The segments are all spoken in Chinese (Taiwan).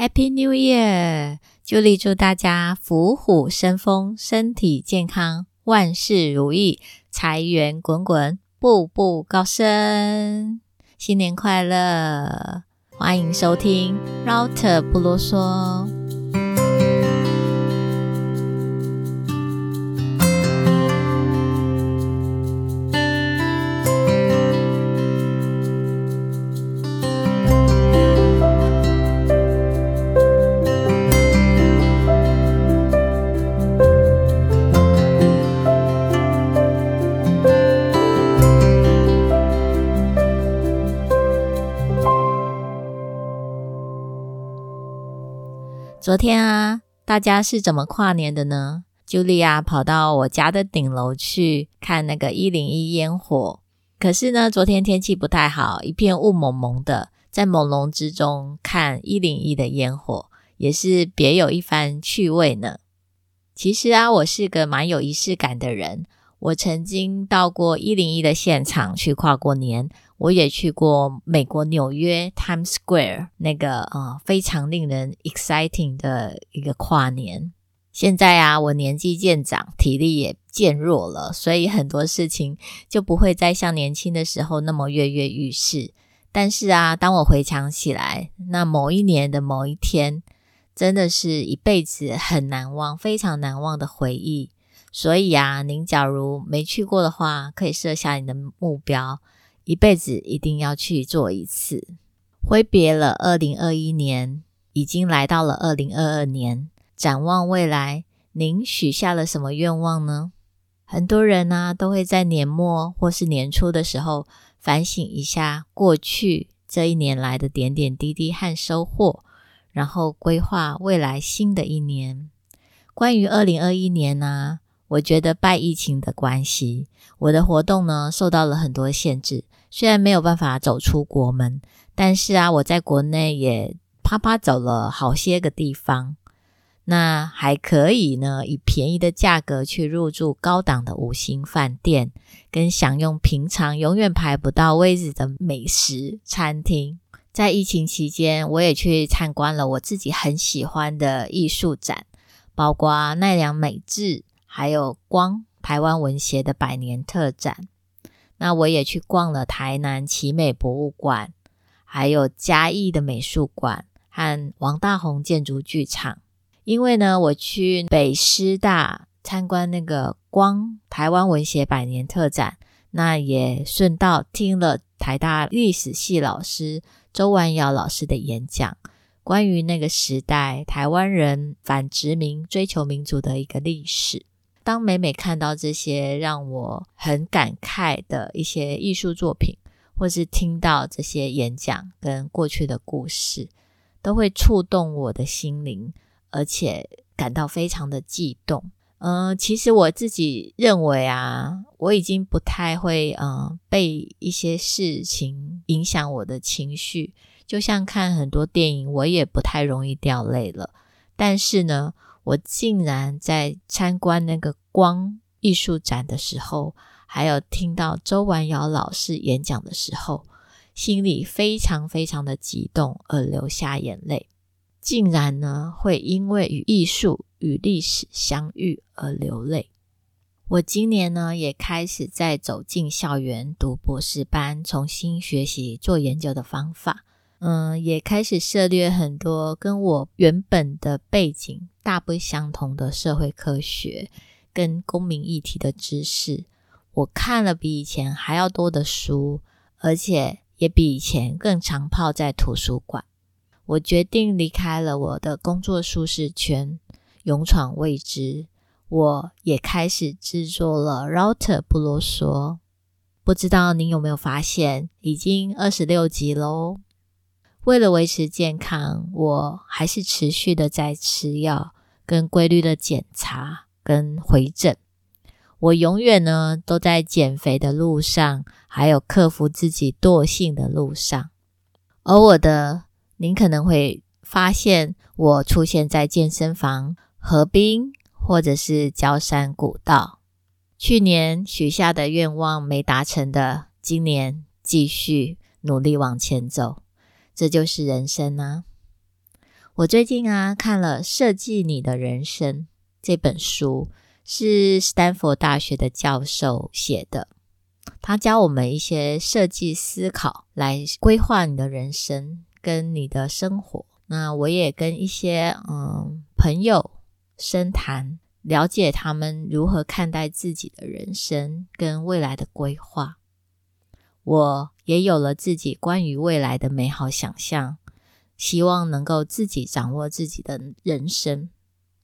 Happy New Year！Julie 祝大家福虎生豐，身體健康，萬事如意，財源滾滾，步步高升。新年快樂！歡迎收聽《Router 不囉嗦》。昨天啊，大家是怎麼跨年的呢？茱莉亞跑到我家的頂樓去看那個一零一煙火，可是呢，昨天天氣不太好，一片霧蒙蒙的，在朦朧之中看一零一的煙火，也是別有一番趣味呢。其實啊，我是個蠻有儀式感的人。我曾經到過一零一的現場去跨過年，我也去過美國紐約 Times Square 那個呃非常令人 exciting 的一個跨年。現在啊，我年紀漸長，體力也漸弱了，所以很多事情就不會再像年輕的時候那麼躍躍欲試。但是啊，當我回想起來，那某一年的某一天，真的是一輩子很難忘、非常難忘的回憶。所以啊，您假如沒去過的話，可以設下你的目標，一輩子一定要去做一次。揮別了二零二一年，已經來到了二零二二年。展望未來，您許下了什麼願望呢？很多人呢、啊、都會在年末或是年初的時候反省一下過去這一年來的點點滴滴和收穫，然後規劃未來新的一年。關於二零二一年呢、啊？我覺得拜疫情的關係，我的活動呢受到了很多限制。雖然沒有辦法走出國門，但是啊，我在國內也趴趴走了好些個地方。那還可以呢，以便宜的價格去入住高檔的五星飯店，跟享用平常永遠排不到位置的美食餐廳。在疫情期間，我也去參觀了我自己很喜歡的藝術展，包括奈良美智。還有光臺灣文學的百年特展，那我也去逛了台南奇美博物館，還有嘉義的美術館和王大閎建築劇場。因為呢，我去北師大參觀那個光臺灣文學百年特展，那也順道聽了台大歷史系老師周婉窈老師的演講，關於那個時代臺灣人反殖民、追求民主的一個歷史。當每每看到這些讓我很感慨的一些藝術作品，或是聽到這些演講跟過去的故事，都會觸動我的心靈，而且感到非常的悸動。嗯，其實我自己認為啊，我已經不太會嗯被一些事情影響我的情緒，就像看很多電影，我也不太容易掉淚了。但是呢，我竟然在參觀那個光藝術展的時候，還有聽到周婉瑤老師演講的時候，心裡非常非常的激動而流下眼淚。竟然呢，會因為與藝術與歷史相遇而流淚。我今年呢，也開始在走進校園讀博士班，重新學習做研究的方法。嗯，也開始涉獵很多跟我原本的背景大不相同的社會科學跟公民議題的知識。我看了比以前還要多的書，而且也比以前更常泡在圖書館。我決定離開了我的工作舒適圈，勇闖未知。我也開始製作了《Router 不囉嗦》，不知道您有沒有發現，已經二十六集嘍。為了維持健康，我還是持續的在吃藥、跟規律的檢查、跟回診。我永遠呢都在減肥的路上，還有克服自己惰性的路上。而我的您可能會發現我出現在健身房、河濱或者是焦山古道。去年許下的願望沒達成的，今年繼續努力往前走。這就是人生啊！我最近啊看了《設計你的人生》這本書，是斯坦福大學的教授寫的，他教我們一些設計思考來規劃你的人生跟你的生活。那我也跟一些嗯朋友深談，了解他們如何看待自己的人生跟未來的規劃。我。也有了自己關於未來的美好想象，希望能夠自己掌握自己的人生。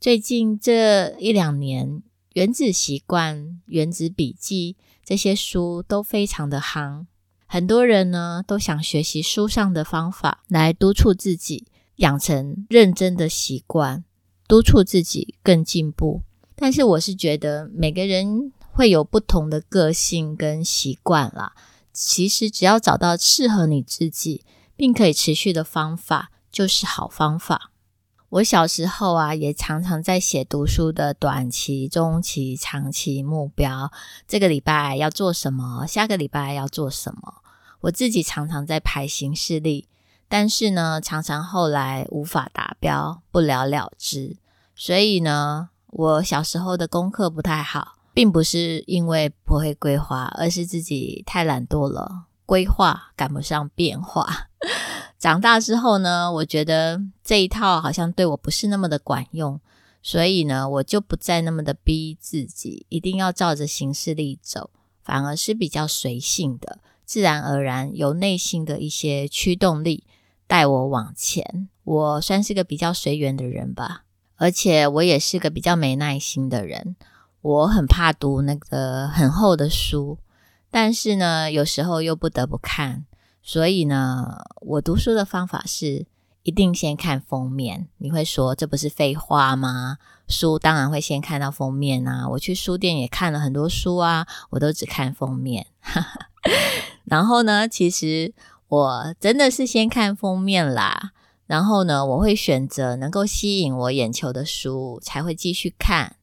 最近這一兩年，《原子習慣》《原子筆記》這些書都非常的夯，很多人呢都想學習書上的方法來督促自己養成認真的習慣，督促自己更進步。但是，我是覺得每個人會有不同的個性跟習慣啦。其實，只要找到適合你自己並可以持續的方法，就是好方法。我小時候啊，也常常在寫讀書的短期、中期、長期目標，這個禮拜要做什麼，下個禮拜要做什麼。我自己常常在排行事曆，但是呢，常常後來無法達標，不了了之。所以呢，我小時候的功課不太好。並不是因為不會規劃，而是自己太懶惰了，規劃趕不上變化。 長大之後呢，我覺得這一套好像對我不是那麼的管用，所以呢，我就不再那麼的逼自己，一定要照着行事曆走，反而是比較隨性的，自然而然由內心的一些驅動力帶我往前。我算是個比較隨緣的人吧，而且我也是個比較沒耐心的人。我很怕讀那個很厚的書，但是呢，有時候又不得不看。所以呢，我讀書的方法是一定先看封面。你會說，這不是廢話嗎？書當然會先看到封面啊！我去書店也看了很多書啊，我都只看封面。哈哈。然後呢，其實我真的是先看封面啦。然後呢，我會選擇能夠吸引我眼球的書，才會繼續看。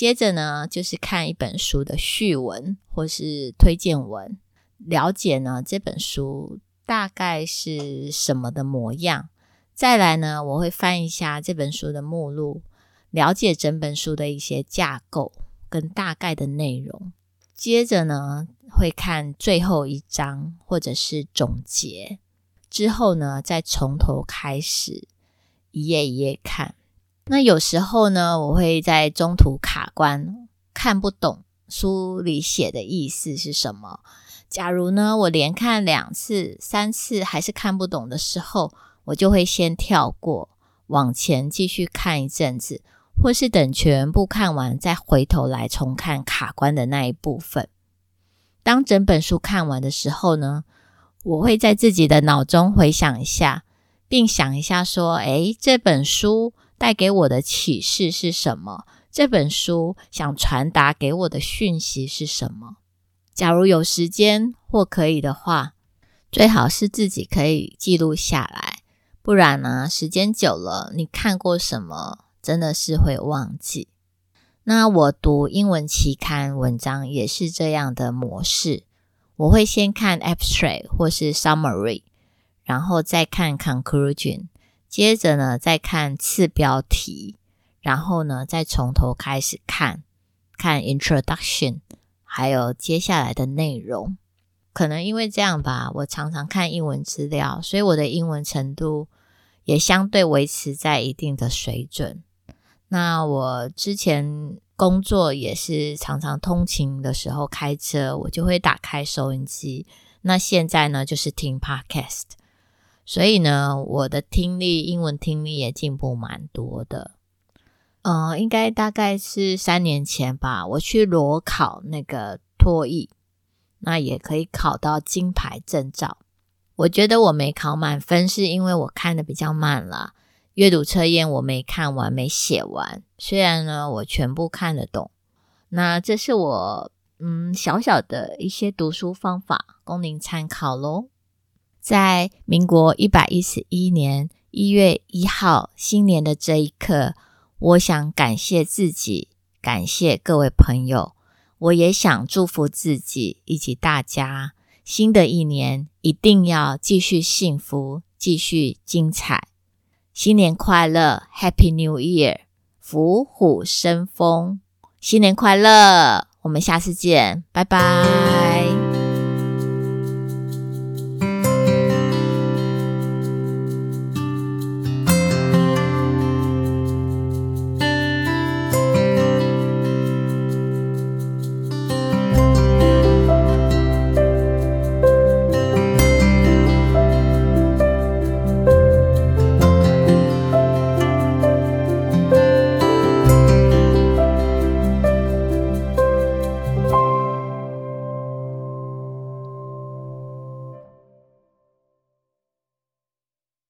接着呢，就是看一本書的序文或是推薦文，了解呢這本書大概是什麼的模樣。再來呢，我會翻一下這本書的目錄，了解整本書的一些架構跟大概的內容。接着呢，會看最後一章或者是總結，之後呢，再從頭開始一頁一頁看。那有時候呢，我會在中途卡關，看不懂書裡寫的意思是什麼。假如呢，我連看兩次、三次還是看不懂的時候，我就會先跳過，往前繼續看一陣子，或是等全部看完再回頭來重看卡關的那一部分。當整本書看完的時候呢，我會在自己的腦中回想一下，並想一下說：“誒，這本書。”帶給我的啟示是什麼？這本書想傳達給我的訊息是什麼？假如有時間或可以的話，最好是自己可以記錄下來，不然呢，時間久了，你看過什麼真的是會忘記。那我讀英文期刊文章也是這樣的模式，我會先看 abstract 或是 summary，然後再看 conclusion。接着呢，再看次標題，然後呢，再從頭開始看，看 introduction，還有接下來的內容。可能因為這樣吧，我常常看英文資料，所以我的英文程度也相對維持在一定的水準。那我之前工作也是常常通勤的時候開車，我就會打開收音機。那現在呢，就是聽 podcast。所以呢，我的聽力，英文聽力也進步蠻多的。嗯，應該大概是三年前吧，我去裸考那個多益，那也可以考到金牌證照。我覺得我沒考滿分，是因為我看得比較慢啦。閱讀測驗我沒看完，沒寫完。雖然呢，我全部看得懂。那這是我嗯小小的一些讀書方法，供您參考咯。在民國一百一十一年一月一號新年的這一刻，我想感謝自己，感謝各位朋友，我也想祝福自己以及大家，新的一年一定要繼續幸福，繼續精彩。新年快樂，Happy New Year，福虎生豐，新年快樂，我們下次見，拜拜。